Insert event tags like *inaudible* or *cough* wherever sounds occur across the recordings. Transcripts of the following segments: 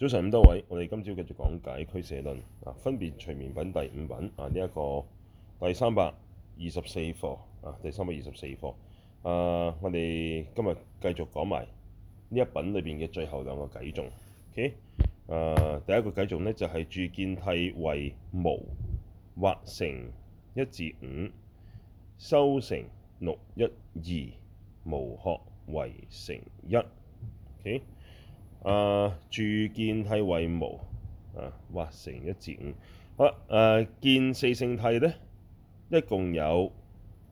早晨咁多位，我哋今朝繼續講解《俱舍論》啊，分別隨眠品第五品啊呢一、這個第三百二十四課啊，第三百二十四課啊，我哋今日繼續講埋呢一品裏邊嘅最後兩個偈頌。O K，誒，第一個偈頌呢，就係、是、住見諦位無或成一至五，5, 修成六一二無學唯成一。O K。啊、呃，住見諦位無？啊或成一至五，好、啊、啦，誒、啊、見四聖諦咧，一共有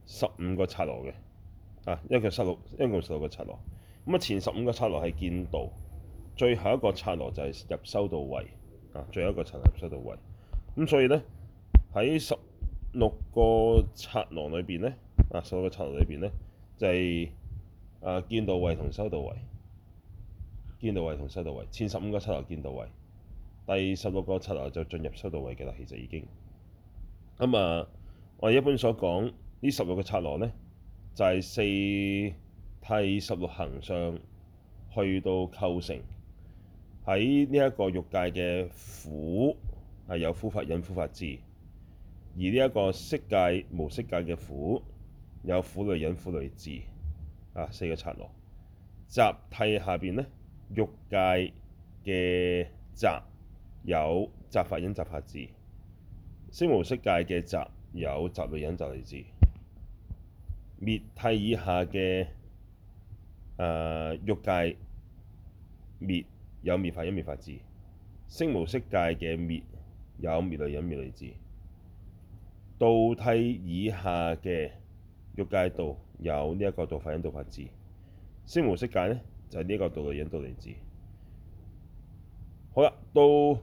十五個剎那嘅，啊一共十六，一共十六個剎那，咁啊前十五個剎那係見道，最後一個剎那就係入修道位，啊最後一個剎那入修道位，咁、啊、所以咧喺十六個剎那裏邊咧，啊十六個剎那裏邊咧就係、是、啊見道位同修道位。見道位同修道位，前十五個剎那見道位，第十六個剎那就進入修道位嘅啦，其實已經。咁、嗯、啊，我哋一般所講呢十六個剎那咧，就係、是、四諦十六行上去到構成喺呢一個欲界嘅苦，係有苦法忍、苦法智，而呢一個色界無色界嘅苦有苦類忍、苦類智，啊，四個剎那集諦下邊咧。欲界嘅集有集法忍、集法智。色無色界嘅集有集類忍、集類智，滅諦以下嘅誒、呃、欲界滅有滅法忍、滅法智。色無色界嘅滅有滅類忍、滅類智，道諦以下嘅欲界道有呢一個道法忍、道法智。色無色界呢。就係呢、這個道類忍道，道，道，道類智，好啦，到、就是、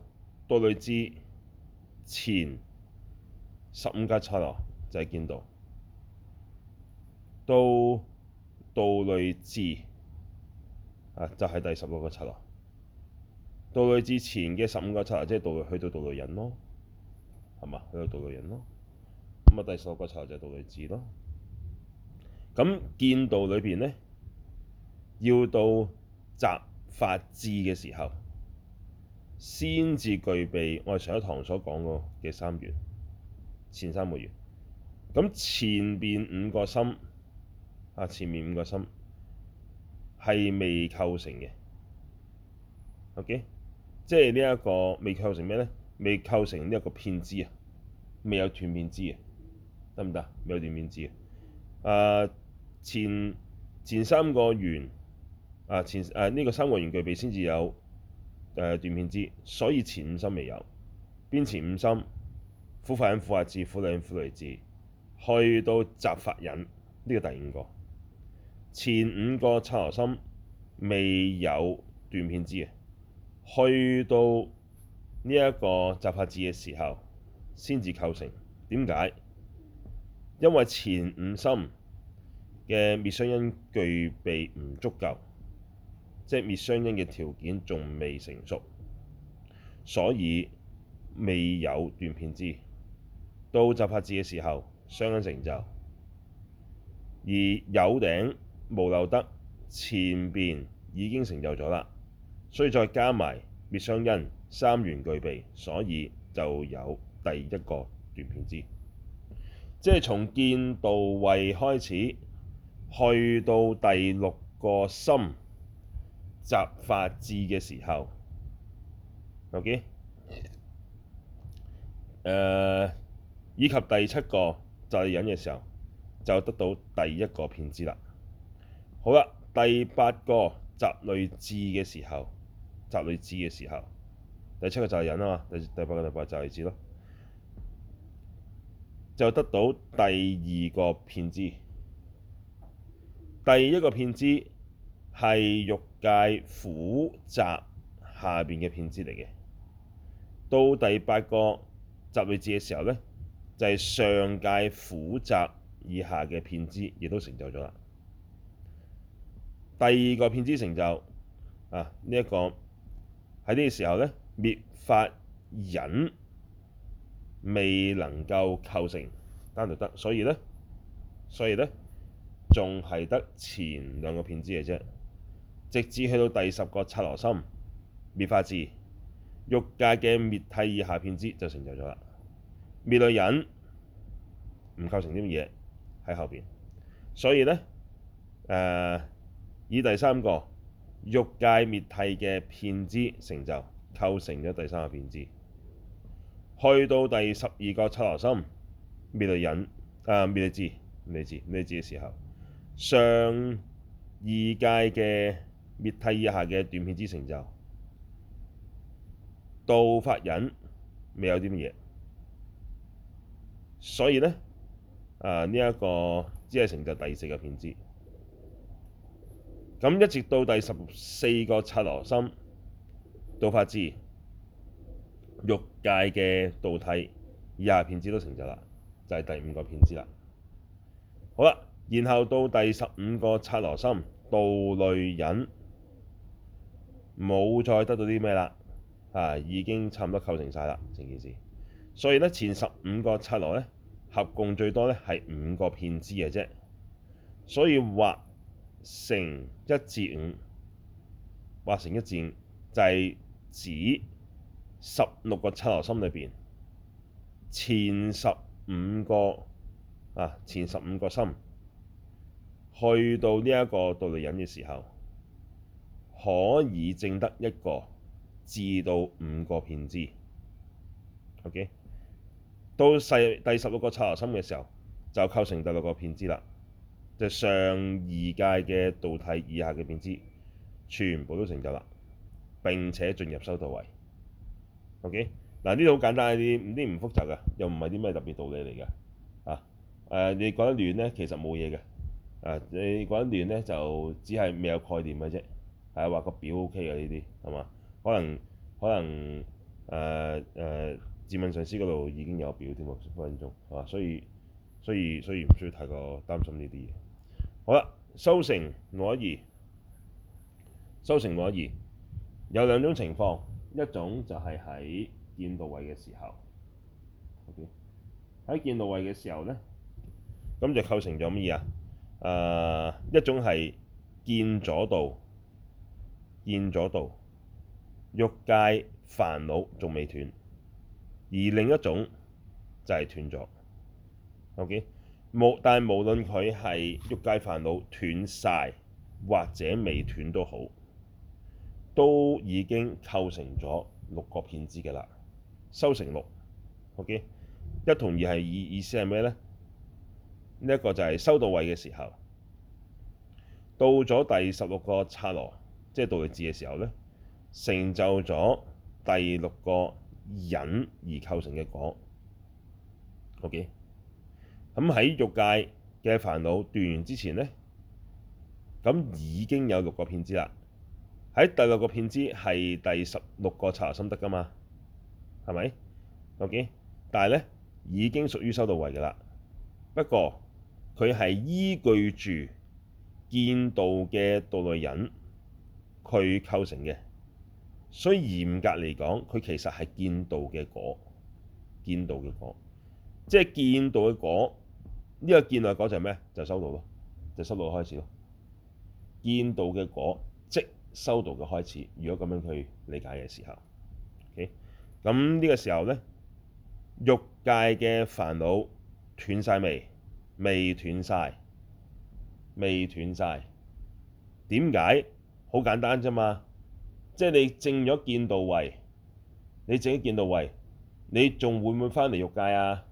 道，道，道，道類智前十五個七啊，就係見道。到道類智啊，就係第十六個七啊。道類智前嘅十五個七啊，即係到去到道類忍咯，係嘛？去到道類忍咯。咁啊，第十六個七落就係道類智咯。咁見道裏邊咧？要到集法智嘅時候，先至具備我哋上一堂所講嘅嘅三緣，前三個緣，咁前邊五個心，啊前面五個心係未構成嘅，OK，即係呢一個未構成咩咧？未構成呢一個遍知啊，未有斷遍知啊，得唔得？未有斷遍知啊，啊、呃、前前三個緣。啊前誒呢，啊這個三個緣具備先至有誒斷，呃、遍知，所以前五心未有邊，前五心苦法忍、苦法智、苦類忍、苦類智去到集法忍。呢，這個第五個前五個剎那心未有斷遍知嘅，去到呢一個集法智嘅時候先至構成點解？因為前五心嘅滅雙因具備唔足夠。即滅雙因嘅條件仲未成熟，所以未有斷遍知，到集法智嘅時候，雙因成就而有頂無漏得前面已經成就咗啦，所以再加埋滅雙因三緣俱備，所以就有第一個斷遍知，即係從見道位開始去到第六個心。集法智嘅時候，OK？誒、uh，以及第七個集類忍嘅時候，就得到第一個遍知啦。好啦，第八個集類智嘅時候，集類智嘅時候，第七個集類忍啊嘛，第第八個第八個集類智咯，就得到第二個遍知，第一個遍知。係欲界苦集下邊嘅遍知嚟嘅，到第八個集類智嘅時候咧，就係上界苦集以下嘅遍知，亦都成就咗啦。第二個遍知成就啊，呢、這、一個喺呢個時候咧，滅法忍未能夠構成單獨得，所以咧，所以咧，仲係得前兩個遍知嘅啫。直至去到第十個剎那心，滅法智，欲界嘅滅諦以下遍知就成就咗啦，滅類忍唔構成啲乜嘢喺後邊，所以咧誒、呃、以第三個欲界滅諦嘅遍知成就構成咗第三個遍知，去到第十二個剎那心，滅類忍啊，滅類智滅類智滅類智嘅時候，上二界嘅。滅諦以下嘅斷遍知成就，道法忍未有啲乜嘢，所以呢，啊呢一、這個只係成就第四個遍知，咁一直到第十四個剎那心道法智欲界嘅道諦以下遍知都成就啦，就係、是、第五個遍知啦。好啦，然後到第十五個剎那心道類忍。冇再得到啲咩啦，啊，已經差唔多構成晒啦，成件事。所以咧，前十五個剎那咧，合共最多咧係五個遍知嘅啫。所以或成一至五，或成一至五，就係指十六個剎那心裏邊，前十五個啊，前十五個心，去到呢一個道類忍嘅時候，可以證得一個至到五個遍知，OK，到細第十六個剎那心嘅時候，就構成第六個遍知啦。就是、上二界嘅道諦以下嘅遍知，全部都成就啦，並且進入修道位，OK。嗱，呢度好簡單啲，呢啲唔複雜噶，又唔係啲咩特別道理嚟噶。啊，誒，你覺得亂咧，其實冇嘢嘅。啊，你覺得亂咧，就只係未有概念嘅啫。係啊，話個表 O K 嘅呢啲係嘛？可能可能誒誒、呃呃，自問上司嗰度已經有表添喎，分分鐘係嘛？所以所以所以唔需要太過擔心呢啲嘢。好啦，修成六一二，修成六一二有兩種情況，一種就係喺見道位嘅時候，喺、OK? 見道位嘅時候咧，咁就構成咗乜嘢啊？誒、呃，一種係見咗道。見咗道欲界煩惱仲未斷，而另一種就係斷咗。OK，無但無無論佢係欲界煩惱斷晒，或者未斷都好，都已經構成咗六個遍知嘅啦，修成六。OK，一同意二係意意思係咩咧？呢、這、一個就係修道位嘅時候，到咗第十六個剎那。即係道類智嘅時候咧，成就咗第六個忍而構成嘅果，OK。咁喺欲界嘅煩惱斷完之前咧，咁已經有六個遍知啦。喺第六個遍知係第十六個剎那得噶嘛，係咪？OK 但。但係咧已經屬於修道位嘅啦。不過佢係依據住見道嘅道類忍。佢構成嘅，所以嚴格嚟講，佢其實係見道嘅果，見道嘅果，即係見道嘅果。呢、這個見道嘅果就係咩？就修道咯，就修道開始咯。見道嘅果即修道嘅開始。如果咁樣去理解嘅時候，OK，咁呢個時候呢，欲界嘅煩惱斷晒未？未斷晒？未斷晒？點解？好簡單啫嘛，即係你證咗見道位，你證咗見道位，你仲會唔會返嚟欲界啊？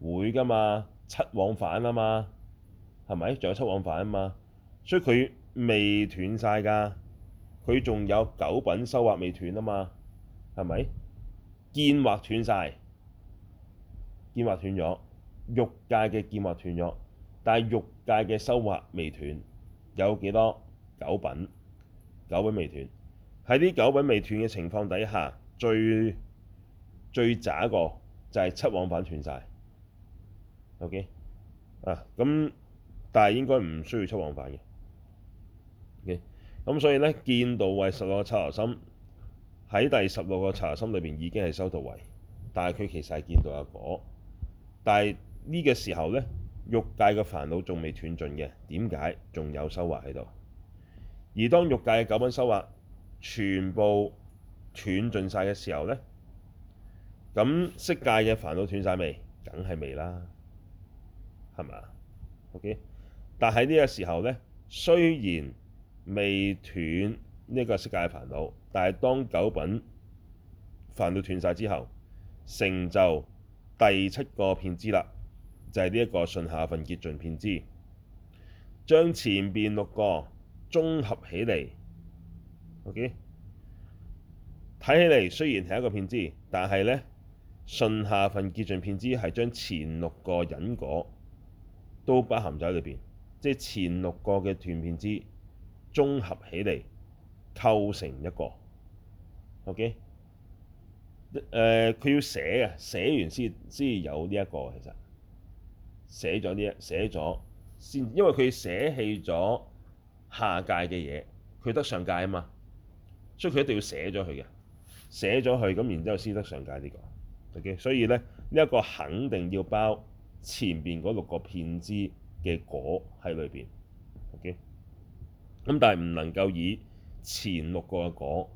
會㗎嘛，七往返啊嘛，係咪？仲有七往返啊嘛，所以佢未斷晒㗎，佢仲有九品修惑未斷啊嘛，係咪？見惑斷晒，見惑斷咗，欲界嘅見惑斷咗，但係欲界嘅修惑未斷，有幾多九品？九品未斷，喺啲九品未斷嘅情況底下，最最差一個就係七往返斷晒。OK 咁、啊、但係應該唔需要七往返嘅。OK，咁所以呢，見道位十六個剎那心，喺第十六個剎那心裏邊已經係修道位，但係佢其實係見道嘅果，但係呢個時候呢，欲界嘅煩惱仲未斷盡嘅，點解仲有收穫喺度？而當欲界嘅九品修惑全部斷盡晒嘅時候呢，咁色界嘅煩惱斷晒未？梗係未啦，係咪？OK。但喺呢個時候呢，雖然未斷呢個色界嘅煩惱，但係當九品煩惱斷晒之後，成就第七個遍知啦，就係呢一個順下分結盡遍知，將前邊六個。綜合起嚟，OK，睇起嚟雖然係一個遍知，但係呢順下分結盡遍知係將前六個忍果都包含咗喺裏邊，即係前六個嘅斷遍知綜合起嚟構成一個，OK，佢、呃、要捨嘅，捨完先先有呢、這、一個其實捨咗呢一捨咗先，因為佢捨棄咗。下界嘅嘢，佢得上界啊嘛，所以佢一定要捨咗佢嘅捨咗佢咁，然之後先得上界呢個。OK，所以咧呢一個肯定要包前邊嗰六個遍知嘅果喺裏邊。OK，咁但係唔能夠以前六個嘅果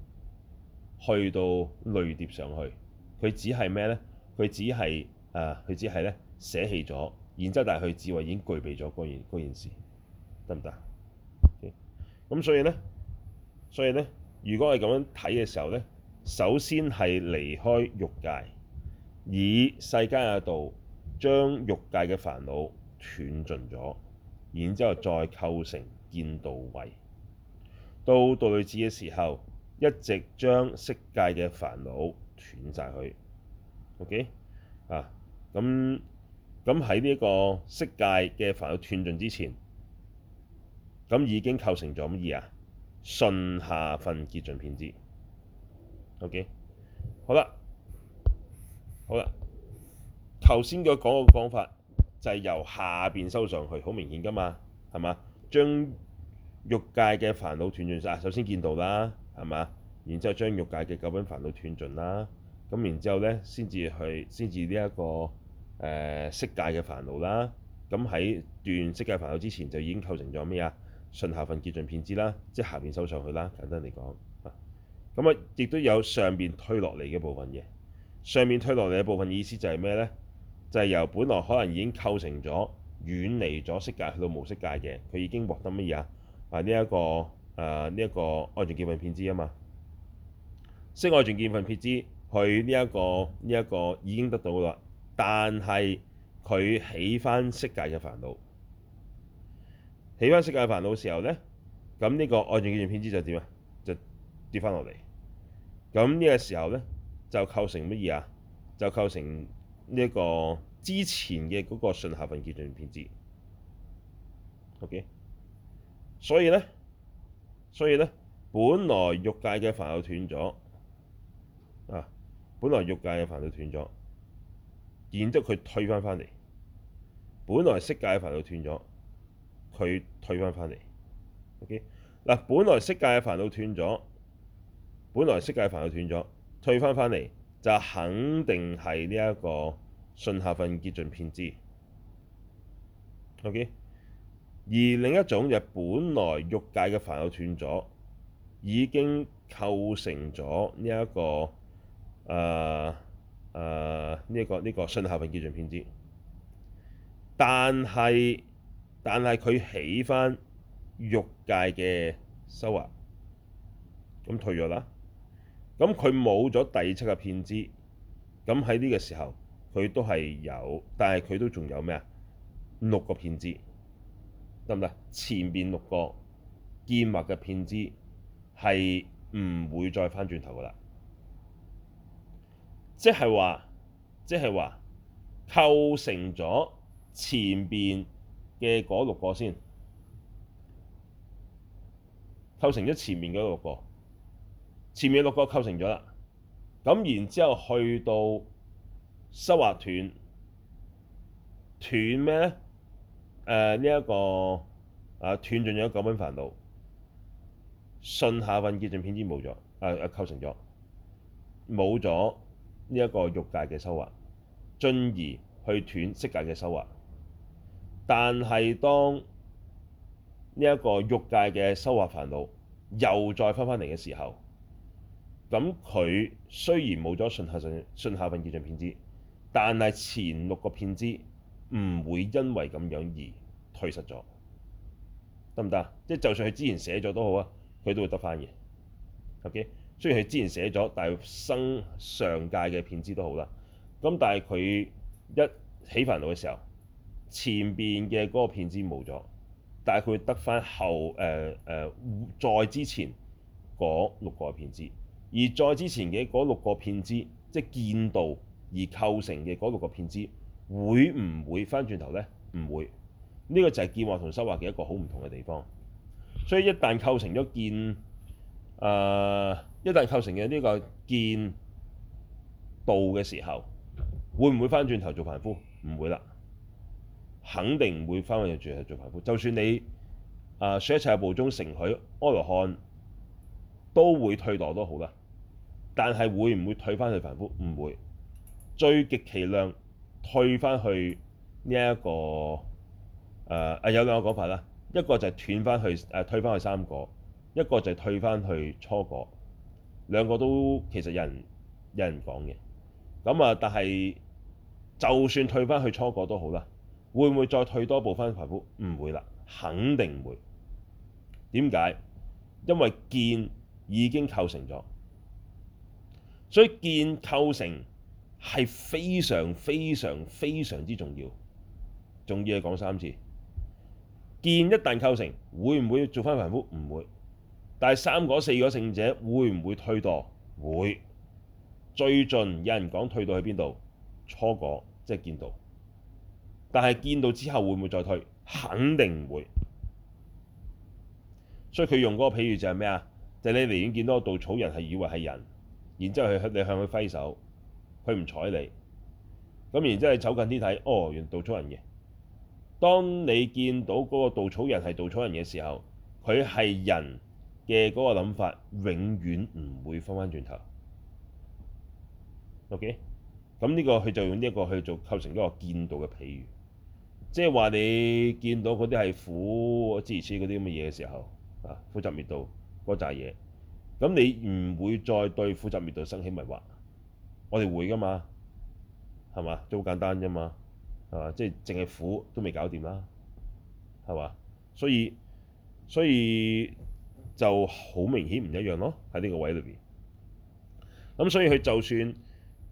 去到累疊上去，佢只係咩咧？佢只係啊，佢只係咧捨棄咗。然之後，但係佢智慧已經具備咗件嗰件事，得唔得？咁所以呢，所以咧，如果係咁樣睇嘅時候呢，首先係離開欲界，以世間嘅道將欲界嘅煩惱斷盡咗，然之後再構成見道位，到道類智嘅時候，一直將色界嘅煩惱斷晒去。OK 啊，咁咁喺呢一個色界嘅煩惱斷盡之前。咁已經構成咗咩啊？順下分結盡遍知。OK，好啦，好啦，頭先嘅講嘅講法就係由下邊收上去，好明顯噶嘛，係嘛？將欲界嘅煩惱斷盡晒，啊，首先見道啦，係嘛？然之後將欲界嘅九品煩惱斷盡啦，咁然之後咧先至去先至呢一個誒、呃、色界嘅煩惱啦。咁喺斷色界煩惱之前就已經構成咗咩啊？順下分結盡遍知啦，即係下面收上去啦。簡單嚟講，咁啊，亦都有上邊推落嚟嘅部分嘢。上面推落嚟嘅部分意思就係咩呢？就係、是、由本來可能已經構成咗遠離咗色界去到無色界嘅，佢已經獲得乜嘢啊？呢、這、一個誒呢一個愛盡結盡遍知啊嘛。色愛盡結盡遍知去呢一個呢一、這個已經得到啦，但係佢起翻色界嘅煩惱。起翻色界嘅煩惱嘅時候咧，咁呢個色愛盡遍知就點啊？就跌翻落嚟。咁呢個時候咧，就構成乜嘢啊？就構成呢一個之前嘅嗰個順下分結盡遍知。O.K. 所以咧，所以咧，本來欲界嘅煩惱斷咗啊！本來欲界嘅煩惱斷咗，然之後佢退翻翻嚟。本來色界嘅煩惱斷咗。佢退翻返嚟，OK 嗱，本來色界嘅煩惱斷咗，本來色界嘅煩惱斷咗，退翻返嚟就肯定係呢一個順下分結盡遍知，OK。而另一種就本來欲界嘅煩惱斷咗，已經構成咗呢一個誒誒呢一個呢、呢個順下分結盡遍知，但係。但係佢起返欲界嘅收穫，咁退咗啦。咁佢冇咗第七個遍知，咁喺呢個時候佢都係有，但係佢都仲有咩啊？六個遍知得唔得？前邊六個見物嘅遍知係唔會再返轉頭噶啦，即係話，即係話構成咗前邊。嘅嗰六個先構成咗前面嗰六個，前面六個構成咗啦。咁然之後去到修惑斷斷咩咧？呢、呃這個啊、一個啊斷盡咗九品煩惱，順下分結盡遍知冇咗，誒、啊、誒構成咗，冇咗呢一個欲界嘅修惑，進而去斷色界嘅修惑。但係當呢一個欲界嘅修惑煩惱又再翻返嚟嘅時候，咁佢雖然冇咗順下上順，順下分結盡遍知，但係前六個遍知唔會因為咁樣而退失咗，得唔得啊？即係就算佢之前捨咗都好啊，佢都會得翻嘅。O.K. 雖然佢之前捨咗，但係生上界嘅遍知都好啦。咁但係佢一起煩惱嘅時候。前面嘅嗰個遍知冇咗，但係佢得翻後誒誒、呃呃、再之前嗰六個遍知，而再之前嘅嗰六個遍知即係見道而構成嘅嗰六個遍知會唔會翻轉頭咧？唔會，呢個就係見道同修道嘅一個好唔同嘅地方。所以一旦構成咗見誒、呃、一旦構成嘅呢個見道嘅時候，會唔會翻轉頭做凡夫？唔會啦。肯定唔會翻回住係做凡夫，就算你啊，說一切有部中承許阿羅漢都會退落都好啦，但係會唔會退翻去凡夫？唔會，最極其量退翻去呢、這、一個誒啊，啊，有兩個講法啦，一個就係斷翻去誒、啊，退翻去三個，一個就係退翻去初果，兩個都其實有人有人講嘅，咁啊，但係就算退翻去初果都好啦。會唔會再退多部分財富？唔會啦，肯定唔會。點解？因為見已經構成咗，所以見構成係非常非常非常之重要。重要嘅嘢講三次，見一旦構成，會唔會做翻凡夫？唔會。但係三果四果聖者會唔會退多？會。最盡有人講退到去邊度？初果即係見道。就是但係見到之後會唔會再退？肯定唔會。所以佢用嗰個譬如就係咩啊？就係你寧願見到個稻草人係以為係人，然之後佢你向佢揮手，佢唔睬你。咁然之後你走近啲睇，哦，原稻草人嘅。當你見到嗰個稻草人係稻草人嘅時候，佢係人嘅嗰個諗法，永遠唔會翻返轉頭。OK？咁呢個佢就用呢一個去做構成一個見到嘅譬喻。即係話你見到嗰啲係苦之類似嗰啲咁嘅嘢嘅時候，啊，苦集滅道嗰扎嘢，咁你唔會再對苦集滅道生起迷惑。我哋會㗎嘛，係嘛，都好簡單啫嘛，係嘛，即係淨係苦都未搞掂啦，係嘛，所以所以就好明顯唔一樣咯，喺呢個位裏邊。咁所以佢就算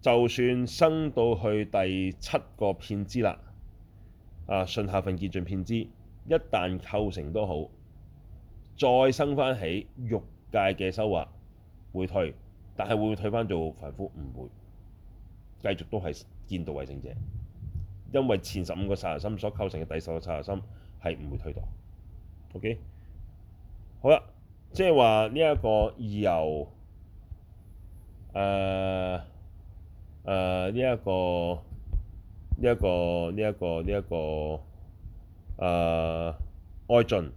就算升到去第七個遍知啦。啊！順下分結盡遍知，一旦構成都好，再生翻起欲界嘅收穫會退，但係會唔會退翻做凡夫？唔會，繼續都係見道位聖者，因為前十五個剎那心所構成嘅第十六剎那心係唔會退到。OK，好啦，即係話呢一個由誒誒呢一個。呢一個，呢一個，呢一個誒，愛盡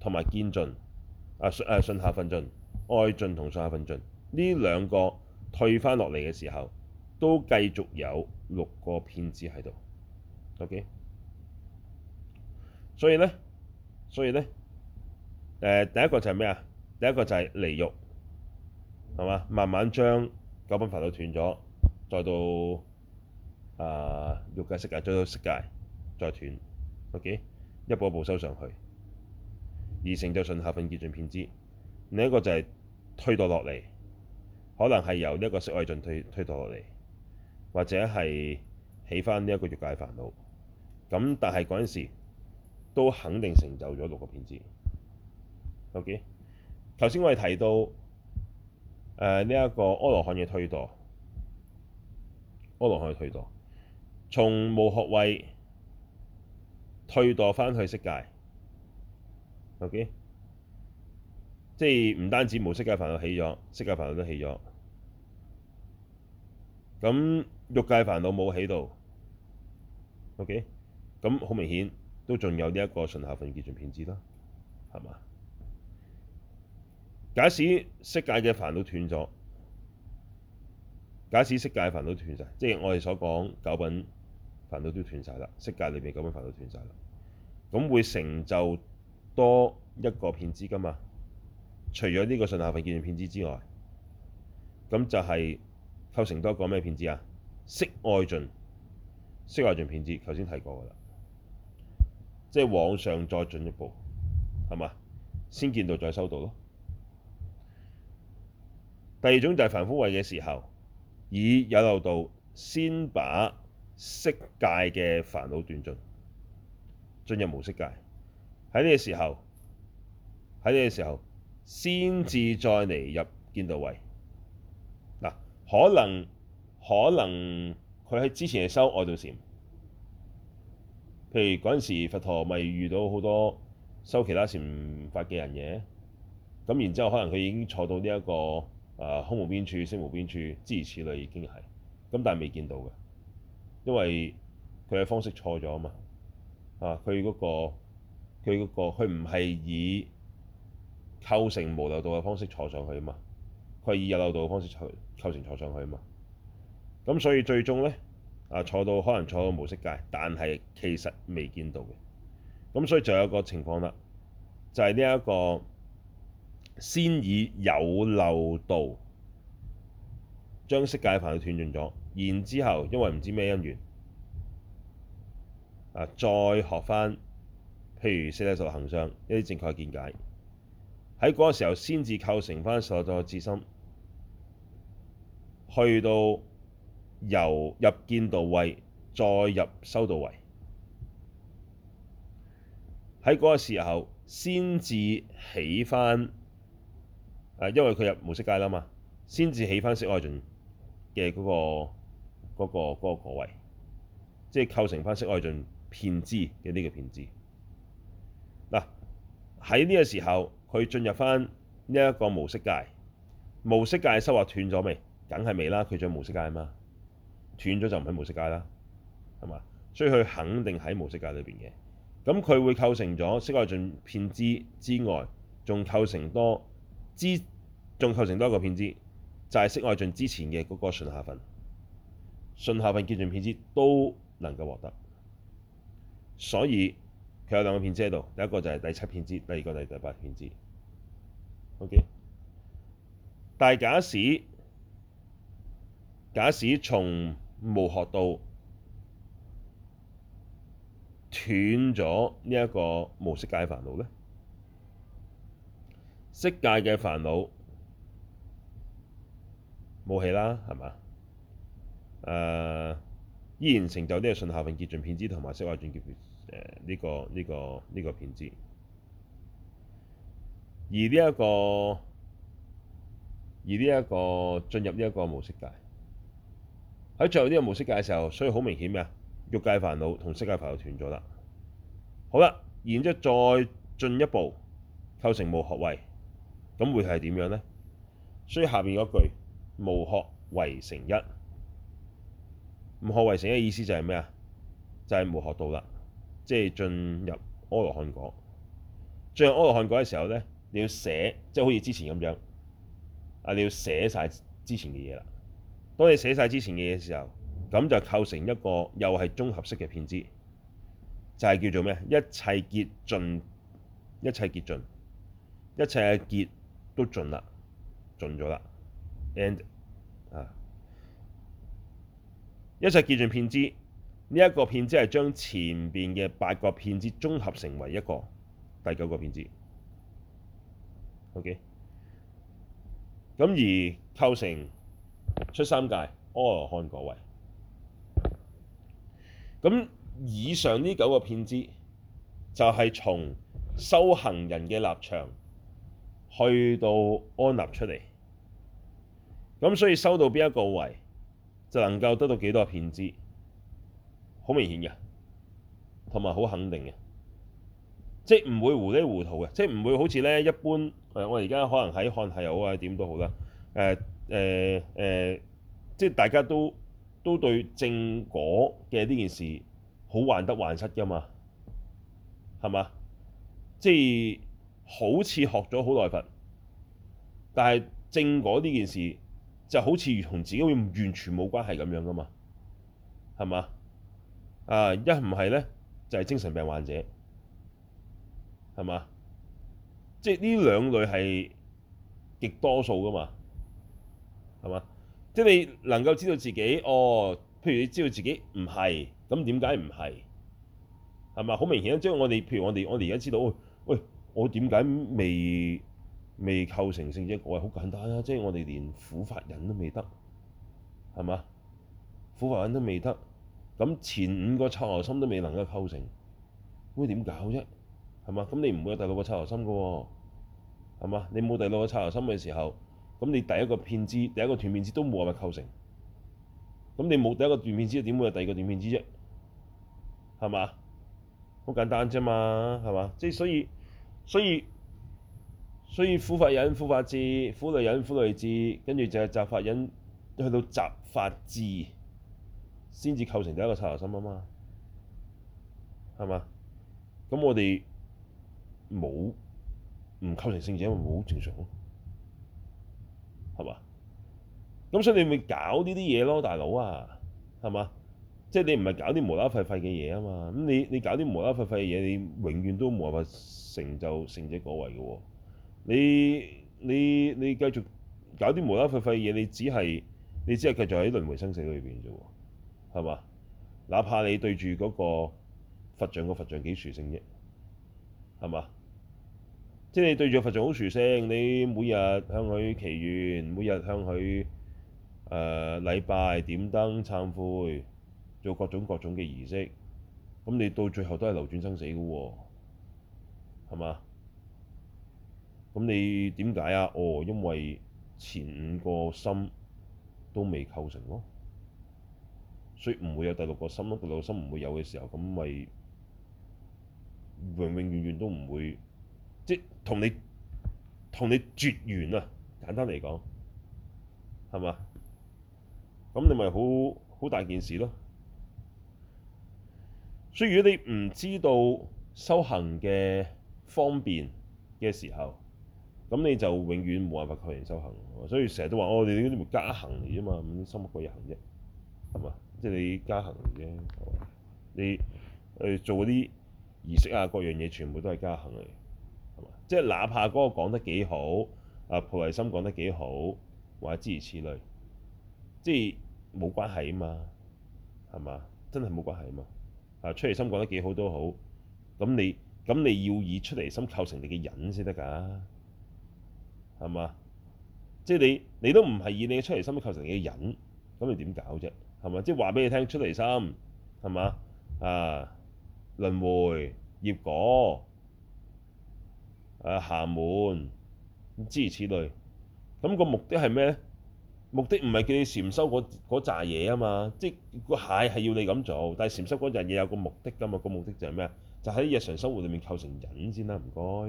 同埋結盡啊，誒順下分盡，愛盡同順下分盡呢兩個退翻落嚟嘅時候，都繼續有六個遍知喺度。OK，所以咧，所以咧，誒第一個就係咩啊？第一個就係離欲，係嘛？慢慢將九品法度斷咗，再到。啊，欲、uh，界色界追到色界，再斷 OK，一步一步收上去，而成就順下分結盡遍知另一、這個就係退到落嚟，可能係由呢一個色愛盡退退倒落嚟，或者係起返呢一個欲界煩惱。咁但係嗰陣時都肯定成就咗六個遍知。OK，頭先我哋提到誒呢一個阿羅漢嘅退墮，阿羅漢嘅退墮。從無學位退墮返去色界，OK，即唔單止無色界煩惱起咗，色界煩惱都起咗，咁欲界煩惱冇起到，OK，咁好明顯都仲有呢一個順下分結盡遍知啦，係嘛？假使色界嘅煩惱斷咗，假使色界煩惱斷晒，即係我哋所講九品，煩惱都斷晒啦，色界裏面九品煩惱斷晒啦，咁會成就多一個遍知嘛，除咗呢個順下分結盡遍知之外，咁就係構成多一個咩遍知啊？色愛盡，色愛盡遍知，頭先提過噶啦，即係往上再進一步，係嘛？先見道再修道咯。第二種就係凡夫位嘅時候，以有漏道，先把。色界嘅煩惱斷盡，進入無色界。喺呢個時候，喺呢個時候先至再嚟入見道位。嗱、啊，可能可能佢喺之前係修外道禪。譬如嗰陣時佛陀咪遇到好多修其他禪法嘅人嘅，咁然之後可能佢已經坐到呢、這、一個啊、呃、空無邊處、色無邊處諸如此類，已經係咁，但係未見到嘅。因為佢嘅方式錯咗啊嘛，啊，佢嗰個佢嗰個佢唔係以構成無漏道嘅方式坐上去啊嘛，佢係以有漏道嘅方式去構成坐上去啊嘛，咁所以最終咧，啊坐到可能坐到無色界，但係其實未見到嘅，咁所以就有一個情況啦，就係呢一個先以有漏道將色界煩惱斷盡咗。然之後，因為唔知咩因緣，啊，再學返，譬如四諦十六行相一啲正確嘅見解，喺嗰個時候先至構成返所有在自心，去到由入見道位，再入修道位，喺嗰個時候先至起返，啊，因為佢入無色界啦嘛，先至起返色愛盡嘅嗰個。嗰、那個嗰、那個、個位，即係構成翻色愛盡遍知嘅呢個遍知。嗱，喺呢個時候，佢進入翻呢一個無色界，無色界收或斷咗未？梗係未啦，佢在無色界嘛，斷咗就唔喺無色界啦，係嘛？所以佢肯定喺無色界裏邊嘅。咁佢會構成咗色愛盡遍知之外，仲構成多之，仲構成多一個遍知，就係、是、色愛盡之前嘅嗰個順下分。順下分結盡遍知都能夠獲得，所以佢有兩個遍知喺度，第一個就係第七遍知，第二個係第八遍知。OK，但係假使假使，從無學到斷咗呢一個無色界煩惱呢，色界嘅煩惱冇起啦，係嘛？誒、呃、依然成就呢嘅順下分結盡遍，遍知，同埋色愛盡遍知呢個呢、呢個呢、呢個遍知、呢個，而呢一個而呢一個進入呢一個無色界，喺進入呢個無色界嘅時候，所以好明顯咩啊？欲界煩惱同色界煩惱斷咗啦。好啦，然之後再進一步構成無學位，咁會係點樣呢？所以下邊嗰句無學唯成一。無學唯成嘅意思就係咩啊？就係、是、冇學到啦，即、就、係、是、進入阿羅漢果。進入阿羅漢果嘅時候咧，你要寫，即、就、係、是、好似之前咁樣。啊，你要寫晒之前嘅嘢啦。當你寫晒之前嘅嘢嘅時候，咁就構成一個又係綜合式嘅遍知，就係、是、叫做咩？一切結盡，一切結盡，一切嘅結,結都盡啦，盡咗啦，end。And, 一切結盡遍知，呢、這、一個遍知係將前面嘅八個遍知綜合成為一個第九個遍知。OK，咁而構成出三界，阿羅漢果位。咁以上呢九個遍知就係、是、從修行人嘅立場去到安立出嚟。咁所以修到邊一個位？就能夠得到幾多遍知，好明顯嘅，同埋好肯定嘅，即係唔會糊裏糊塗嘅，即係唔會好似咧一般，我而家可能喺漢係好啊，點都好啦，誒誒誒，即係大家都都對正果嘅呢件事好患得患失噶嘛，係嘛？即係好似學咗好耐佛，但係正果呢件事。就好似同自己完全冇關係咁樣噶嘛，係嘛？啊，一唔係咧就係精神病患者，係嘛？即係呢兩類係極多數噶嘛，係嘛？即係你能夠知道自己，哦，譬如你知道自己唔係，咁點解唔係？係嘛？好明顯，即係我哋，譬如我哋，我哋而家知道，喂，我點解未？未構成性啫，我係好簡單啊！即係我哋連苦法忍都未得，係嘛？苦法忍都未得，咁前五個剎那心都未能夠構成，會點搞啫？係嘛？咁你唔會有第六個剎那心噶喎，係嘛？你冇第六個剎那心嘅時候，咁你第一個遍知、第一個斷遍知都冇辦法構成，咁你冇第一個斷遍知，點會有第二個斷遍知啫？係嘛？好簡單啫嘛，係嘛？即係所以，所以。所以苦法忍、苦法智、苦類忍、苦類智，跟住就係集法忍，去到集法智，先至構成第一個剎那心啊嘛，係嘛？咁我哋冇唔構成聖者，咪好正常咯，係嘛？咁所以你咪搞呢啲嘢咯，大佬啊，係嘛？即係你唔係搞啲無啦啦廢廢嘅嘢啊嘛。咁你你搞啲無啦啦廢廢嘅嘢，你永遠都冇辦法成就聖者果位嘅喎。你你你繼續搞啲無啦啦廢廢嘢，你只係你只係繼續喺輪迴生死裏邊啫喎，係嘛？哪怕你對住嗰個佛像，個佛像幾殊勝啫，係嘛？即係你對住佛像好殊勝，你每日向佢祈願，每日向佢誒、呃、禮拜、點燈、懺悔、做各種各種嘅儀式，咁你到最後都係流轉生死㗎喎，係嘛？咁你點解啊？哦，因為前五個心都未構成咯，所以唔會有第六個心咯。第六個心唔會有嘅時候，咁咪永永遠遠都唔會即同你同你絕緣啊！簡單嚟講係嘛？咁你咪好好大件事咯。所以如果你唔知道修行嘅方便嘅時候，咁你就永遠冇辦法靠人修行，所以成日都話：我哋呢啲咪加行嚟啫嘛，咁收乜鬼行啫？係嘛？即係你加行嚟啫。你誒、就是呃、做嗰啲儀式啊，各樣嘢全部都係加行嚟，啊、類類係嘛？即係哪怕嗰個講得幾好，阿菩提心講得幾好，或者諸如此類，即係冇關係啊嘛，係嘛？真係冇關係啊嘛。阿出嚟心講得幾好都好，咁你咁你要以出嚟心構成你嘅人先得㗎。係嘛？即係你，你都唔係以你嘅出離心去構成嘅人，咁你點搞啫？係嘛？即係話俾你聽，出離心係嘛？啊，輪迴、業果、啊、暇滿，諸如此類。咁、個目的係咩咧？目的唔係叫你禪修嗰嗰扎嘢啊嘛。即係個蟹係要你咁做，但係禪修嗰扎嘢有個目的㗎嘛。個目的就係咩啊？就喺、是、日常生活裏面，構成人先啦、啊。唔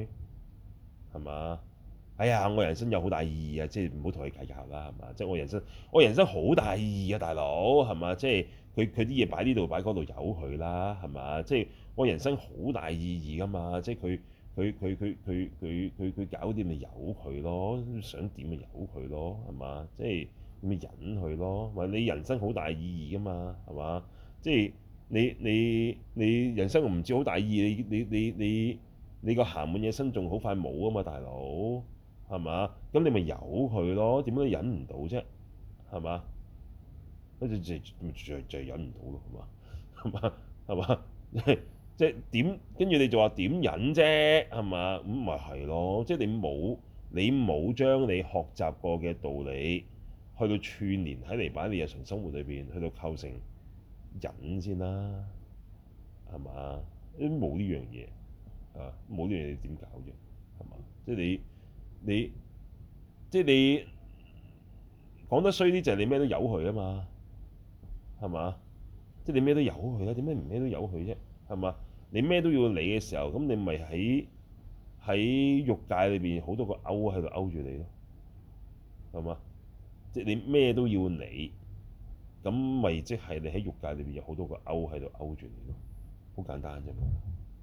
該，係嘛？哎呀！我人生有好大意義啊，即係唔好同佢計較啦，係嘛？即係我人生，我人生好大意義啊，大佬，係嘛？即係佢佢啲嘢擺呢度，擺嗰度由佢啦，係嘛？即係我人生好大意義噶嘛？即係佢佢佢佢佢佢佢佢搞掂咪由佢咯，想點咪由佢咯，係嘛？即係咁咪忍佢咯，或者你，你人生好大意義噶嘛，係嘛？即係你你你人生唔知好大意義，你你你你你個行滿嘢身仲好快冇啊嘛，大佬。係嘛？咁你咪由佢咯，點解都忍唔到啫？係嘛？跟住就就，就，就忍唔到 *laughs* 咯，係嘛？係嘛？係嘛？即係點？跟住你就話點忍啫？係嘛？咁咪係咯，即係你冇你冇將你學習過嘅道理去到串連喺嚟擺喺你日常生活裏邊，去到構成忍先啦，係嘛？冇呢樣嘢啊，冇呢樣嘢點搞啫？係嘛？即係你。你即係你講得衰啲，就係、是、你咩都由佢啊嘛，係嘛？即係你咩都由佢啦，點解唔咩都由佢啫？係嘛？你咩都要理嘅時候，咁你咪喺喺欲界裏邊好多個勾喺度勾住你咯，係嘛？即、就、係、是、你咩都要理你，咁咪即係你喺欲界裏邊有好多個勾喺度勾住你咯，好簡單啫嘛。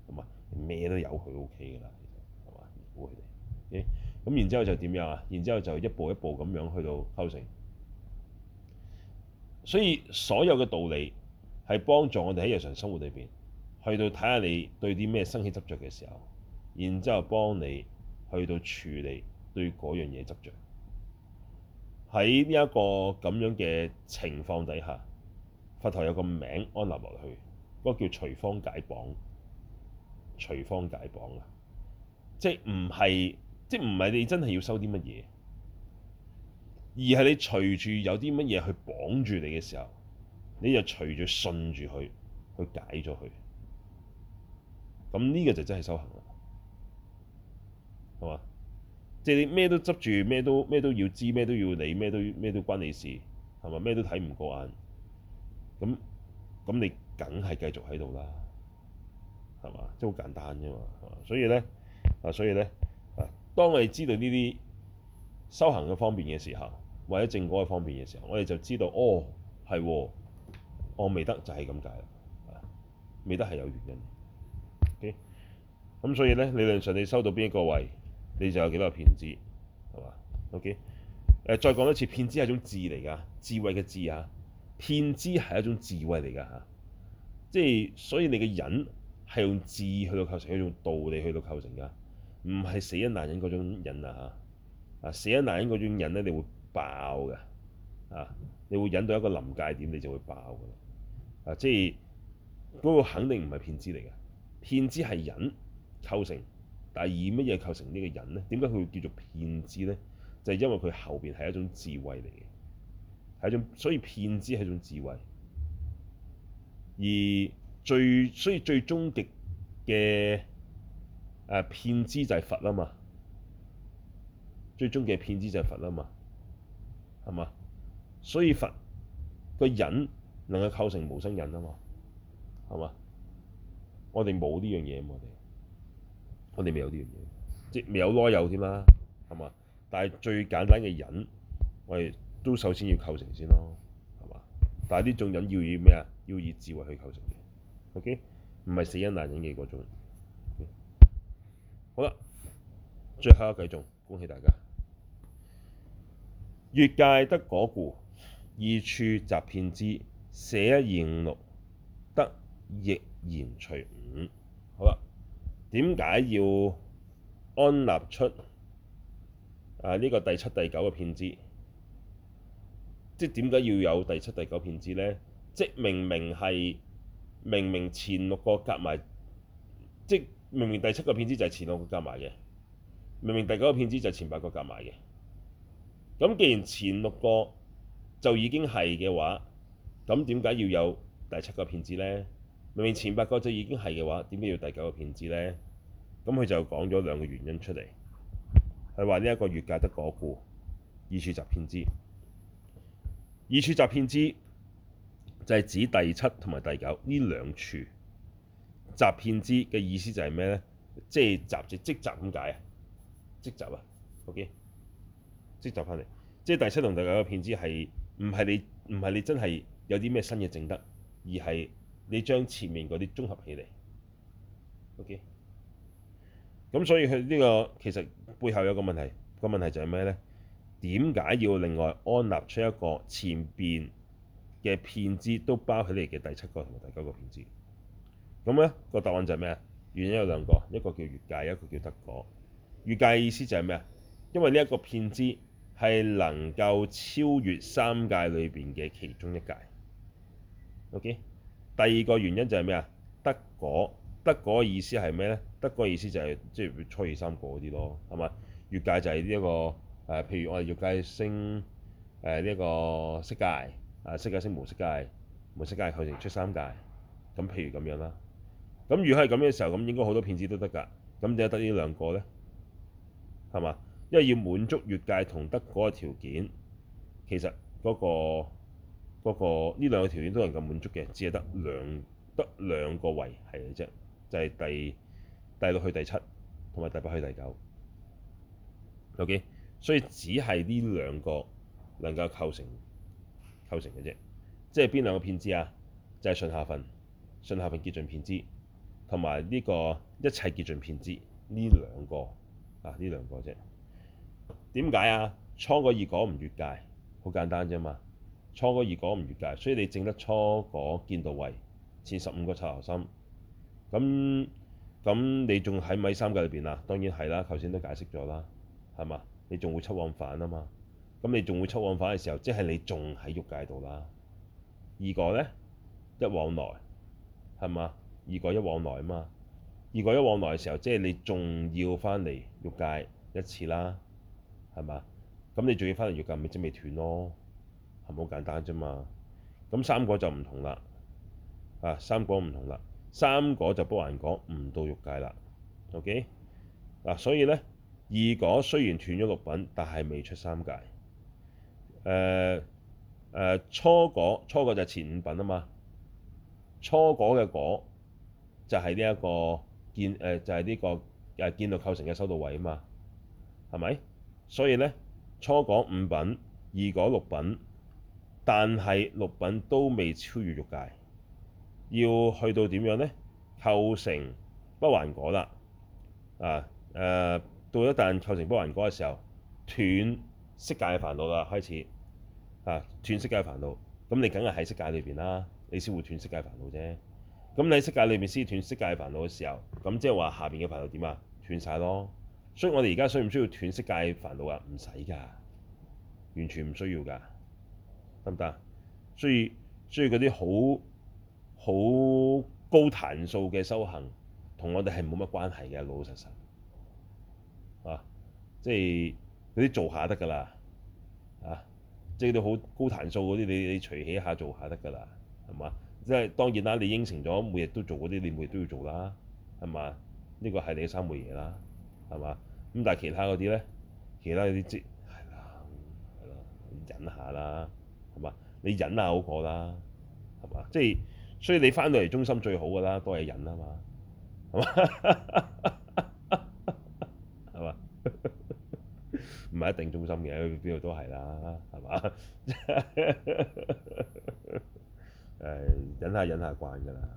咁你咩都由佢 O K 㗎啦，其實係嘛？唔好佢咁然之後就點樣啊？然之後就一步一步咁樣去到構成，所以所有嘅道理係幫助我哋喺日常生活裏邊，去到睇下你對啲咩生氣執着嘅時候，然之後幫你去到處理對嗰樣嘢執着。喺呢一個咁樣嘅情況底下，佛陀有個名安立落去，嗰個叫隨方解綁，隨方解綁啊，即係唔係？即係唔係你真係要收啲乜嘢，而係你隨住有啲乜嘢去綁住你嘅時候，你就隨住順住佢去解咗佢。咁呢個就真係修行啦，係嘛？即係你咩都執住，咩都咩都要知，咩都要理，咩都咩都關你事，係嘛？咩都睇唔過眼，咁咁你梗係繼續喺度啦，係嘛？即係好簡單啫嘛，係嘛？所以咧啊，所以咧。當我哋知道呢啲修行嘅方便嘅時候，或者證果嘅方便嘅時候，我哋就知道哦，係，我未得就係咁解啦。未得係有原因嘅。咁、okay? 所以咧，理論上你收到邊一個位，你就有幾多遍知，係嘛？OK，誒，再講一次，遍知係一種智嚟噶，智慧嘅智啊，遍知係一種智慧嚟噶嚇。即係所以你嘅人係用智去到構成，係用道理去到構成㗎。唔係死忍難忍死忍難忍嗰種忍啊啊死忍難忍嗰種忍咧，你會爆嘅啊！你會引到一個臨界點，你就會爆嘅啦！啊，即係嗰個肯定唔係遍知嚟嘅，遍知係忍構成，但以乜嘢構成呢個忍咧？點解佢叫做遍知咧？就係、是、因為佢後面係一種智慧嚟嘅，一所以遍知係一種智慧，而最所以最終極嘅。誒遍知就係佛啦嘛，最終嘅遍知就係佛啦嘛，係嘛？所以佛個忍能夠構成無生忍啊嘛，係嘛？我哋冇呢樣嘢我哋我哋未有呢樣嘢，即未有羅有添啦，係嘛？但係最簡單嘅忍」，我哋都首先要構成先咯，係嘛？但係呢種忍要以咩啊？要以智慧去構成嘅，OK？唔係死因難忍嘅嗰種。好啦，最後繼續，恭喜大家。越界得果故，二處集遍知，捨一二五六，得亦然除五。好啦，點解要安立出啊？呢、這個第七、第九個遍知，即係點解要有第七、第九遍知呢？即、就是、明明係明明前六個夾埋，即、就是明明第七個遍知就係前六個夾埋嘅，明明第九個遍知就係前八個夾埋嘅。咁既然前六個就已經係嘅話，咁點解要有第七個遍知呢？明明前八個就已經係嘅話，點解要第九個遍知呢？咁佢就講咗兩個原因出嚟，係話呢一個越界得果故，二處集遍知，二處集遍知就係指第七同埋第九呢兩處。集遍知嘅意思就係咩呢？即係集住即集咁解啊，即集啊，OK，即集翻嚟。即係第七同第九個遍知係唔係，你唔係你真係有啲咩新嘅證得，而係你將前面嗰啲綜合起嚟。OK，咁所以佢、這、呢個其實背後有個問題，個問題就係咩呢？點解要另外安立出一個前邊嘅遍知都包起嚟嘅第七個同第九個遍知？咁咧個答案就係咩啊？原因有兩個，一個叫越界，一個叫得果。越界嘅意思就係咩啊？因為呢一個遍知係能夠超越三界裏邊嘅其中一界。OK，第二個原因就係咩啊？得果，得果嘅意思係咩咧？得果嘅意思就係即係初二三果嗰啲咯，係咪？越界就係呢一個誒、呃，譬如我哋越界升誒呢一個色界，啊色界升無色界，無色界構成出三界。咁譬如咁樣啦。咁如果係咁嘅時候，咁應該好多遍知都得㗎，咁點解得呢兩個呢？係嘛？因為要滿足越界同得嗰個條件，其實嗰、嗰個呢、嗰個、兩個條件都能夠滿足嘅，只係得兩得兩個位係嘅啫，就係、是、第第六去第七，同埋第八去第九。OK，所以只係呢兩個能夠構成構成嘅啫，即係邊兩個遍知啊？就係、是、順下分順下分結盡遍知。同埋呢個一切結盡遍知，呢兩個啊，呢兩個啫。點解啊？初果二果唔越界，好簡單啫嘛。初果二果唔越界，所以你證得初果見道位前十五個剎那心。咁咁，你仲喺咪三界裏邊啊？當然係啦，頭先都解釋咗啦，係嘛？你仲會七往返啊嘛？咁你仲會七往返嘅時候，即係你仲喺欲界度啦。二果咧，一往來係嘛？二果一往來啊嘛，二果一往來嘅時候，即係你仲要翻嚟欲界一次啦，係嘛？咁你仲要翻嚟欲界，咪即未斷咯，係好簡單啫嘛。咁三果就唔同啦，啊，三果唔同啦，三果就不還果唔到欲界啦。OK 嗱、啊，所以咧二果雖然斷咗六品，但係未出三界。誒、呃、誒、呃，初果初果就係前五品啊嘛，初果嘅果。就係呢一個見誒，就係、是、呢、這個誒見到構成嘅收到位啊嘛，係咪？所以咧初果五品，二果六品，但係六品都未超越欲界，要去到點樣咧？構成不還果啦啊誒、啊，到一旦構成不還果嘅時候斷、啊，斷色界嘅煩惱啦，開始啊斷色界嘅煩惱，咁你梗係喺色界裏邊啦，你先會斷色界煩惱啫。咁你喺色界裏面先斷色界煩惱嘅時候，咁即係話下邊嘅煩惱點啊？斷晒咯。所以我哋而家需唔需要斷色界煩惱啊？唔使噶，完全唔需要噶，得唔得？所以所以嗰啲好好高彈數嘅修行，同我哋係冇乜關係嘅，老老實實啊，即係嗰啲做下得㗎啦，啊，即係啲好高彈數嗰啲，你你隨起下做下得㗎啦，係嘛？即係當然啦，你應承咗每日都做嗰啲，你每日都要做啦，係嘛？呢個係你嘅三昧嘢啦，係嘛？咁但係其他嗰啲咧，其他嗰啲即係啦，係啦，忍下啦，係嘛？你忍下好過啦，係嘛？即係所以你翻到嚟中心最好噶啦，都係忍啊嘛，係嘛？係嘛？唔係一定中心嘅，邊度都係啦，係嘛？ *laughs* 誒忍下忍下慣㗎啦，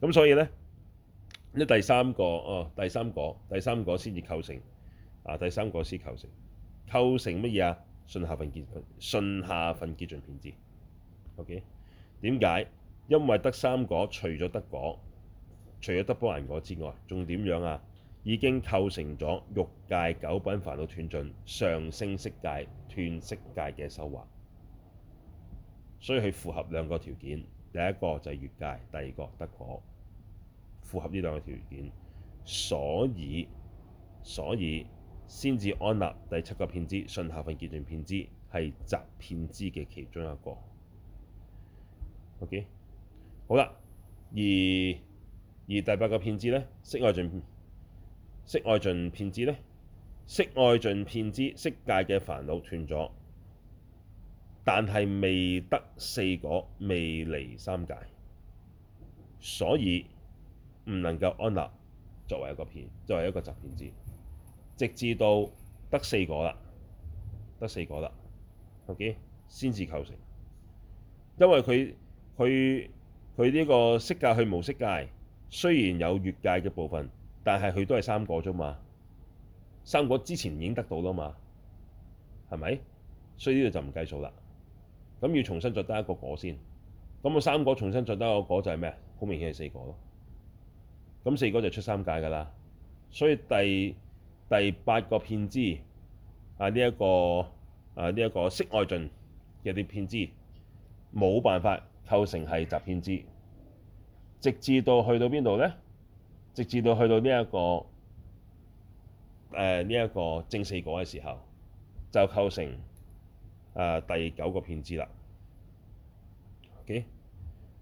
咁所以呢，呢第三個哦，第三個第三個先至構成啊，第三個先構成構成乜嘢啊？順下分結順下分結盡遍知。OK 點解？因為得三個果，除咗得果，除咗得不還果之外，仲點樣啊？已經構成咗欲界九品煩惱斷盡，上升色界斷色界嘅手穫。所以佢符合兩個條件，第一個就係越界，第二個得果，符合呢兩個條件，所以所以先至安立第七個遍知，順下分結盡遍知係集遍知嘅其中一個。OK，好啦，而而第八個遍知呢，色愛盡遍，色愛盡遍知呢，色愛盡遍知，色界嘅煩惱斷咗。但係未得四果，未離三界，所以唔能夠安立作為一個遍知，作為一個集遍知，直至到得四果啦，得四果啦，OK 先至構成。因為佢佢佢呢個色界去無色界，雖然有越界嘅部分，但係佢都係三果啫嘛，三果之前已經得到啦嘛，係咪？所以呢度就唔計數啦。咁要重新再得一個果先，咁個三果重新再得一個果就係咩？好明顯係四果咯。咁四果就出三界噶啦。所以第第八個遍知啊，呢一個啊，呢一個色愛盡嘅啲遍知冇辦法構成係集遍知，直至到去到邊度咧？直至到去到呢一個誒，呢一個正四果嘅時候，就構成。誒、啊、第九個騙子啦，OK，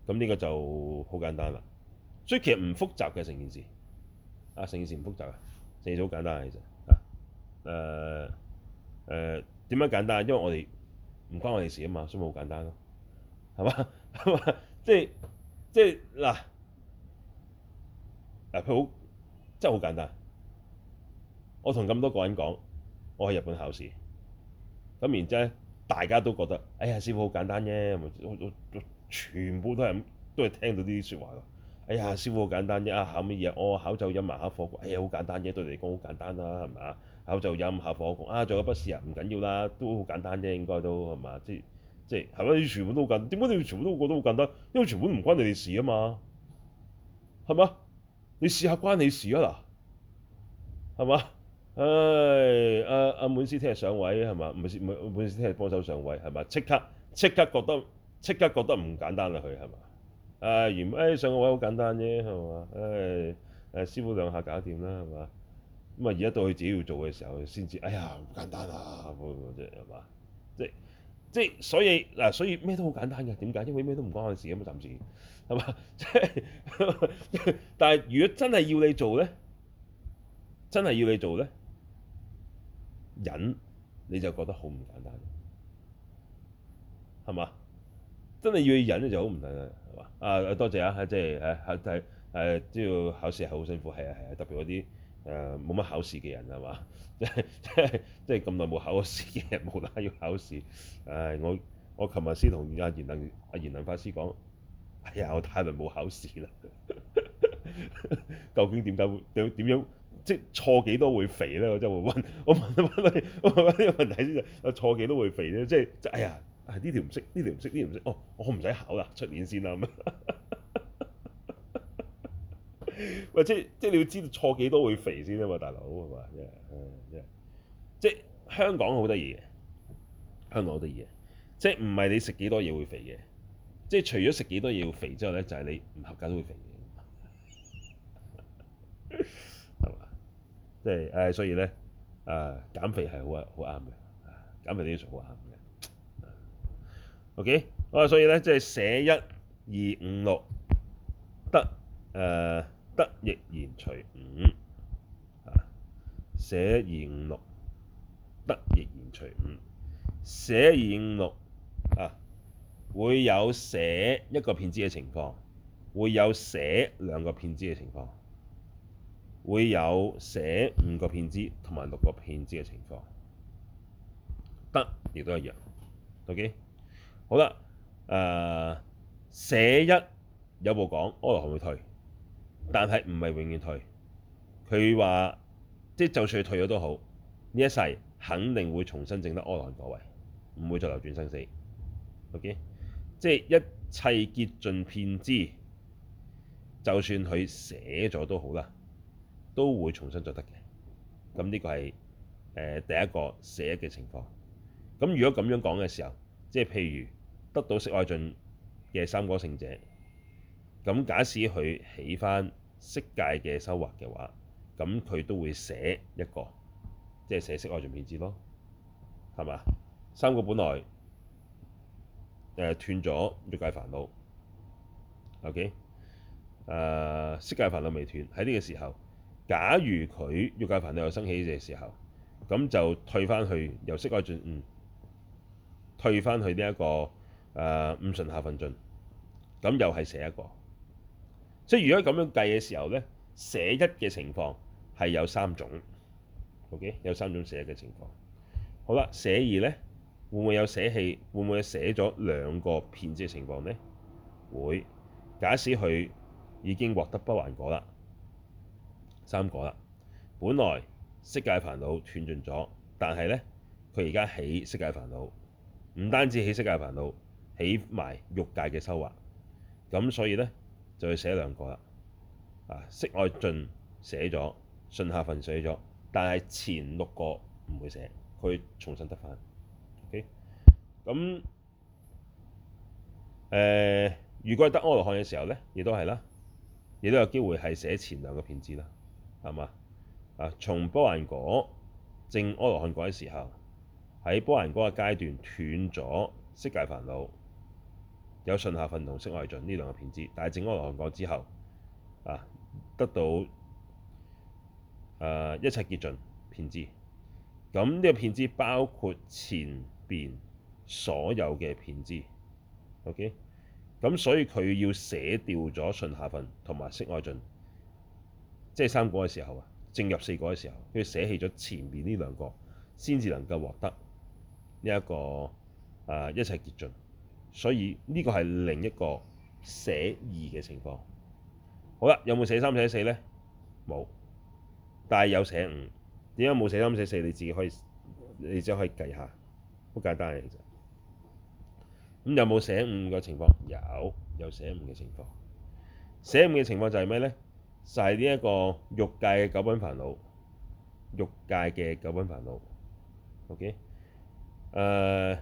咁呢個就好簡單啦，所以其實唔複雜嘅成、啊、件事，件事，啊成件事唔複雜啊，成件事好簡單啊，其實嚇誒誒點樣簡單？因為我哋唔關我哋事啊嘛，所以咪好簡單咯、啊，係嘛？係嘛？即係即係嗱，誒、就是啊、譬如好真係好簡單，我同咁多個人講，我喺日本考試，咁然之後大家都覺得，哎呀，師傅好簡單啫，全部都係都係聽到呢啲説話。哎呀，師傅好簡單啫，啊考乜嘢？我考就音啊，下火功，哎呀，好簡單啫，對你嚟講好簡單啦，係嘛？考就音，下火功，仲有筆試啊，唔緊要啦，都好簡單啫，應該都係嘛？即即係咪？就是、你全部都好簡單，點解你哋全部都覺得好簡單？因為全部唔關你哋事啊嘛，係嘛？你試下關你事啊嗱，係嘛？唉，阿阿、哎啊、滿師聽日上位係嘛？唔係唔係滿師聽日幫手上位係嘛？即刻即刻覺得即刻覺得唔簡單啦！佢係嘛？唉、哎，嫌唉上個位好簡單啫係嘛？唉、哎，師傅兩下搞掂啦係嘛？咁啊，而家到佢自己要做嘅時候，先至哎呀唔簡單啊！即係即係，所以嗱，所以咩都好簡單嘅，點解因為咩都唔關我事嘅嘛，暫時係嘛？即係 *laughs* 但係如果真係要你做咧，真係要你做咧。忍你就覺得好唔簡單，係嘛？真係要忍咧就好唔簡單，係嘛？啊，啊多謝啊，即係係係係都要考試係好辛苦，係啊係啊，特別嗰啲誒冇乜考試嘅人係嘛？即係即係即係咁耐冇考過試嘅人，無啦要考試，唉！我我琴日先同阿賢能阿賢能法師講，哎呀我太耐冇考試啦，究竟點解會點點樣？即係錯幾多會肥咧？我真係會問，我問我問問呢個問題先。我錯幾多會肥咧？即係即哎呀，係、啊、呢條唔識，呢條唔識，呢條唔識。哦，我唔使考啦，出年先啦咁。喂，即係你要知道錯幾多會肥先啊嘛，大佬係咪？即係香港好得意嘅，香港好得意嘅。即係唔係你食幾多嘢會肥嘅？即係除咗食幾多嘢會肥之後咧，就係你唔合格都會肥嘅。 *laughs* 即係誒，所以咧，誒減肥係好啊，好啱嘅。減肥呢啲嘢好啱嘅。OK，啊，所以咧，即係捨一二五六得誒、呃、得亦然除五，捨一二五六得亦然除五，捨一二五六啊，會有捨一個遍知嘅情況，會有捨兩個遍知嘅情況。會有捨五個遍知同埋六個遍知嘅情況，得亦都一樣。OK，好啦，誒、呃、捨一，有部講阿羅漢會退，但係唔係永遠退。佢話即係，就，是、就算佢退咗都好，呢一世肯定會重新證得阿羅漢果位，唔會再流轉生死。OK，即係一切結盡遍知，就算佢捨咗都好啦。都會重新再得嘅。咁呢個係誒、呃、第一個捨嘅情況。咁如果咁樣講嘅時候，即係譬如得到色愛盡嘅三果聖者，咁假使佢起翻色界嘅收穫嘅話，咁佢都會捨一個，即係捨色愛盡遍知咯，係嘛？三果本來誒、呃、斷咗欲界煩惱，OK 誒、呃，色界煩惱未斷喺呢個時候。假如佢欲界煩惱又升起嘅時候，咁就退翻去由色界進，嗯，退翻去呢、這、一個誒、呃、五順下分進，咁又係捨一個。即係如果咁樣計嘅時候咧，捨一嘅情況係有三種，OK 有三種捨一嘅情況。好啦，捨二咧會唔會有捨棄？會唔會有捨咗兩個遍知嘅情況咧？會。假使佢已經獲得不還果啦。三個啦，本來色界煩惱斷盡咗，但係咧佢而家起色界煩惱，唔單止起色界煩惱，起埋欲界嘅修惑，咁所以咧就去捨兩個啦。啊，色愛盡捨咗，順下分捨咗，但係前六個唔會捨，佢重新得返。O.K. 咁誒、呃，如果係得阿羅漢嘅時候咧，亦都係啦，亦都有機會係捨前兩個遍知啦。係嘛？啊，從不還果正阿羅漢果嘅時候，喺不還果嘅階段斷咗色界煩惱，有順下分同色愛盡呢兩個遍知。但係正阿羅漢果之後，啊得到、呃、一切結盡遍知。咁呢個遍知包括前邊所有嘅遍知。OK，咁所以佢要捨掉咗順下分同埋色愛盡。即係三果嘅時候啊，正入四果嘅時候，跟住捨棄咗前面呢兩個，先至能夠獲得呢一個啊、呃、一切結盡。所以呢個係另一個捨二嘅情況。好啦，有冇捨三捨四咧？冇，但係有捨五。點解冇捨三捨四？你自己可以，你即係可以計下，好簡單嘅啫。咁有冇捨五嘅情況？有，有捨五嘅情況。捨五嘅情況就係咩咧？就係呢一個欲界嘅九品煩惱，欲界嘅九品煩惱，OK？誒、uh,，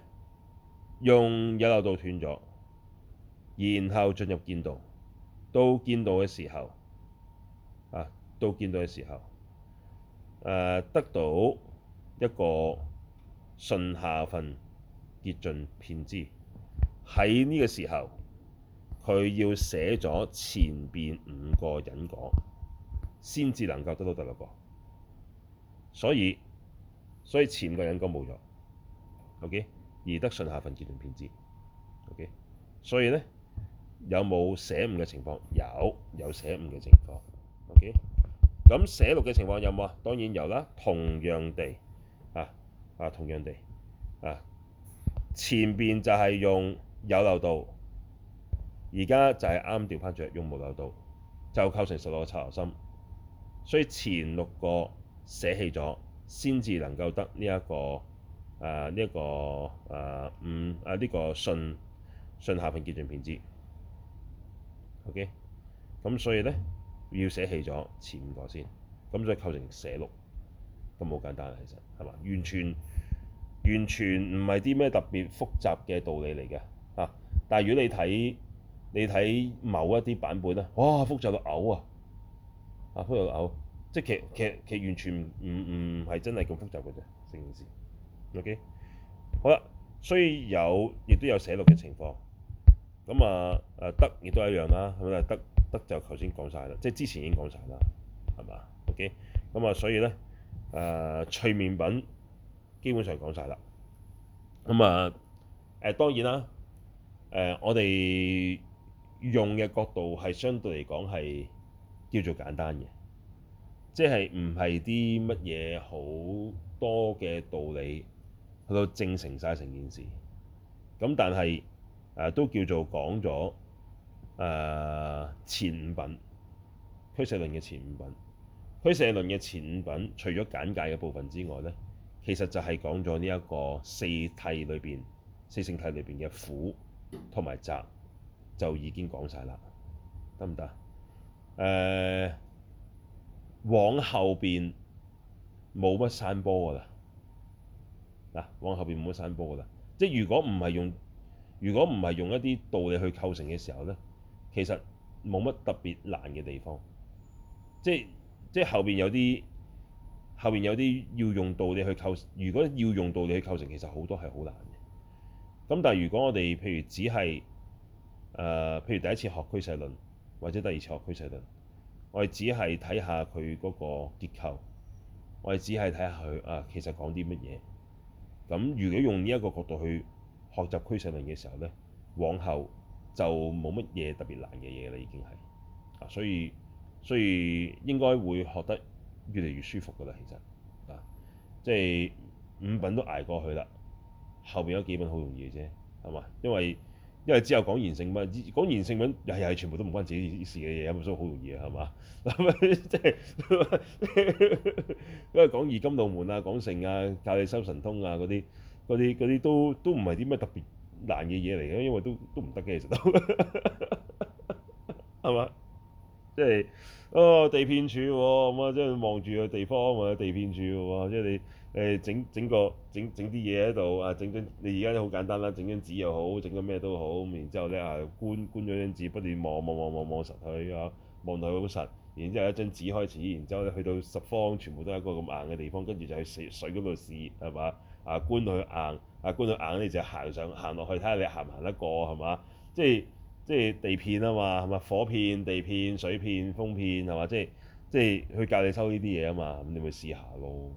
用有漏道斷咗，然後進入見道，到見道嘅時候，啊、uh,，到見道嘅時候，誒、uh,，得到一個順下分結盡遍知，喺呢個時候。佢要捨咗前邊五個忍果，先至能夠得到第六個。所以，所以前五個忍果冇錯，OK，而得順下分結盡遍知，OK。所以咧，有冇捨五嘅情況？有，有捨五嘅情況，OK。咁捨六嘅情況有冇啊？當然有啦。同樣地，啊啊，同樣地，啊，前邊就係用有漏道。而家就係啱調翻着，用無漏道就構成十六個剎那心。所以前六個捨棄咗，先至能夠得呢、這、一個誒呢一個誒五啊呢、嗯啊這個順順下分結盡遍知。OK，咁所以咧要捨棄咗前五個先，咁再構成捨六，咁好簡單其實係嘛？完全完全唔係啲咩特別複雜嘅道理嚟嘅啊！但係如果你睇，你睇某一啲版本咧，哇複雜到嘔啊！啊複雜到嘔，即係其實其實其實完全唔唔唔係真係咁複雜嘅啫，成件事。OK，好啦，所以有亦都有寫錄嘅情況。咁啊誒得亦都一樣啦，咁啊得得就頭先講晒啦，即係之前已經講晒啦，係嘛？OK，咁啊所以咧誒隨眠品基本上講晒啦。咁啊誒、啊、當然啦，誒、啊、我哋。用嘅角度係相對嚟講係叫做簡單嘅，即係唔係啲乜嘢好多嘅道理去到證成晒成件事。咁但係誒、呃、都叫做講咗誒前五品，俱舍論嘅前五品，俱舍論嘅前五品，除咗簡介嘅部分之外呢，其實就係講咗呢一個四諦裏邊，四聖諦裏邊嘅苦同埋集。就已經講晒啦，得唔得啊？誒，往後邊冇乜散波噶啦，嗱，往後邊冇乜散波噶啦。即係如果唔係用，如果唔係用一啲道理去構成嘅時候咧，其實冇乜特別難嘅地方。即係即係後邊有啲後邊有啲要用道理去構，如果要用道理去構成，其實好多係好難嘅。咁但係如果我哋譬如只係誒、呃，譬如第一次學俱舍論，或者第二次學俱舍論，我哋只係睇下佢嗰個結構，我哋只係睇下佢啊，其實講啲乜嘢。咁如果用呢一個角度去學習俱舍論嘅時候呢，往後就冇乜嘢特別難嘅嘢啦，已經係啊，所以所以應該會學得越嚟越舒服噶啦，其實即係、啊就是、五品都捱過去啦，後邊有幾品好容易嘅啫，係嘛？因為因為之後講言性文，講言性文又又係全部都唔關自己事嘅嘢，咁所以好容易啊，係嘛？即係因為講二金道門啊，講性啊，教你修神通啊，嗰啲嗰啲嗰啲都都唔係啲咩特別難嘅嘢嚟嘅，因為都都唔得嘅其實，係嘛？ *laughs* 即係哦，地片處喎，咁啊即係望住個地方啊地片處喎，即係你。誒整整個整整啲嘢喺度啊！整張你而家都好簡單啦，整張紙又好，整咗咩都好。咁然之後咧啊，觀觀咗張紙，不斷望望望望望實佢啊，望到佢好實。然之後一張紙開始，然之後咧去到十方，全部都係一個咁硬嘅地方，跟住就去水水嗰度試係嘛啊？觀到佢硬啊，觀到佢硬你就行上行落去睇下你行唔行得過係嘛？即係即係地片啊嘛，係嘛火片、地片、水片、風片係嘛？即係即係佢教你收呢啲嘢啊嘛，咁你咪試下咯。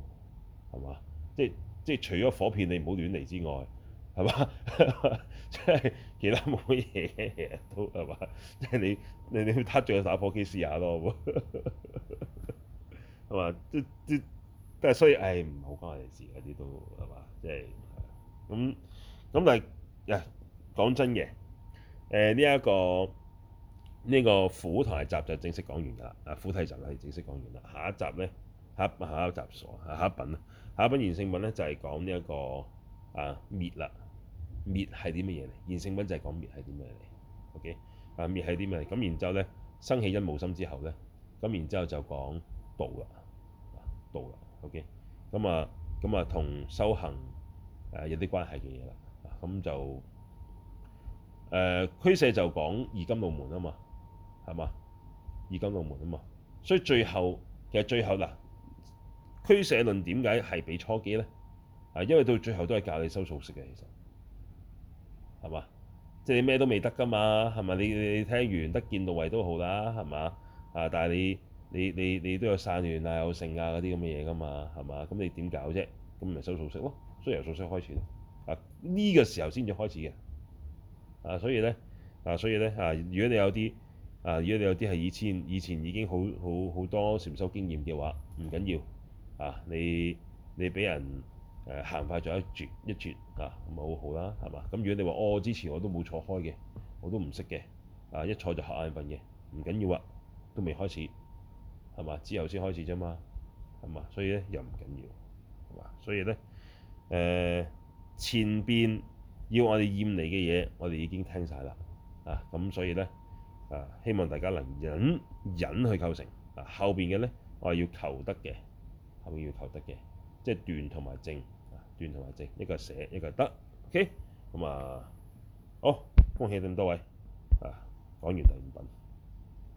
係嘛？即係即係，除咗火片，你唔好亂嚟之外，係嘛？即 *laughs* 係其他冇乜嘢都係嘛？即係、就是、你你你去撻著打火機試下咯，係嘛？即即都係，但所以誒唔好關我哋事嗰啲都係嘛？即係咁咁誒嗱，講真嘅誒呢一個呢、呢個附題集就正式講完㗎啦。啊，附題集係正式講完啦。下一集咧，下一下一集傻下一品啦。下一品賢聖品咧就係、是、講呢、這、一個啊滅啦，滅係啲乜嘢嚟？賢聖品就係講滅係啲乜嘢嚟，OK？啊滅係點嘅？咁然之後咧，生起一無心之後咧，咁然之後就講道啦，道啦，OK？咁啊咁啊同修行、啊、有啲關係嘅嘢啦，咁就誒、呃、俱舍就講二金六門啊嘛，係嘛？二金六門啊嘛，所以最後其實最後嗱。俱舍論點解係俾初機咧？啊，因為到最後都係教你收數息嘅，其實係嘛？即係你咩都未得㗎嘛，係咪？你你你聽完得見到位都好啦，係嘛？啊，但係你你你你都有散亂啊，有剩啊嗰啲咁嘅嘢㗎嘛，係嘛？咁你點搞啫？咁咪收數息咯，所以由數息開始。啊，呢個時候先至開始嘅。啊，所以咧啊，所以咧啊，如果你有啲啊，如果你有啲係以前以前已經好好好多禪修經驗嘅話，唔緊要。啊！你你俾人誒、呃、行快咗一絕一絕啊，咁咪好好啦，係嘛？咁如果你話哦，之前我都冇坐開嘅，我都唔識嘅啊，一坐就瞌眼瞓嘅，唔緊要啊，都未開始係嘛？之後先開始啫嘛，係嘛？所以咧又唔緊要係嘛？所以咧誒、呃、前邊要我哋驗你嘅嘢，我哋已經聽晒啦啊！咁所以咧啊，希望大家能忍忍去構成啊，後邊嘅咧我係要求得嘅。係咪要求得嘅，即係斷同埋正，啊斷同埋正，一個捨一個得，OK，咁、嗯、啊，好，恭喜你咁多位，啊，講完第五品。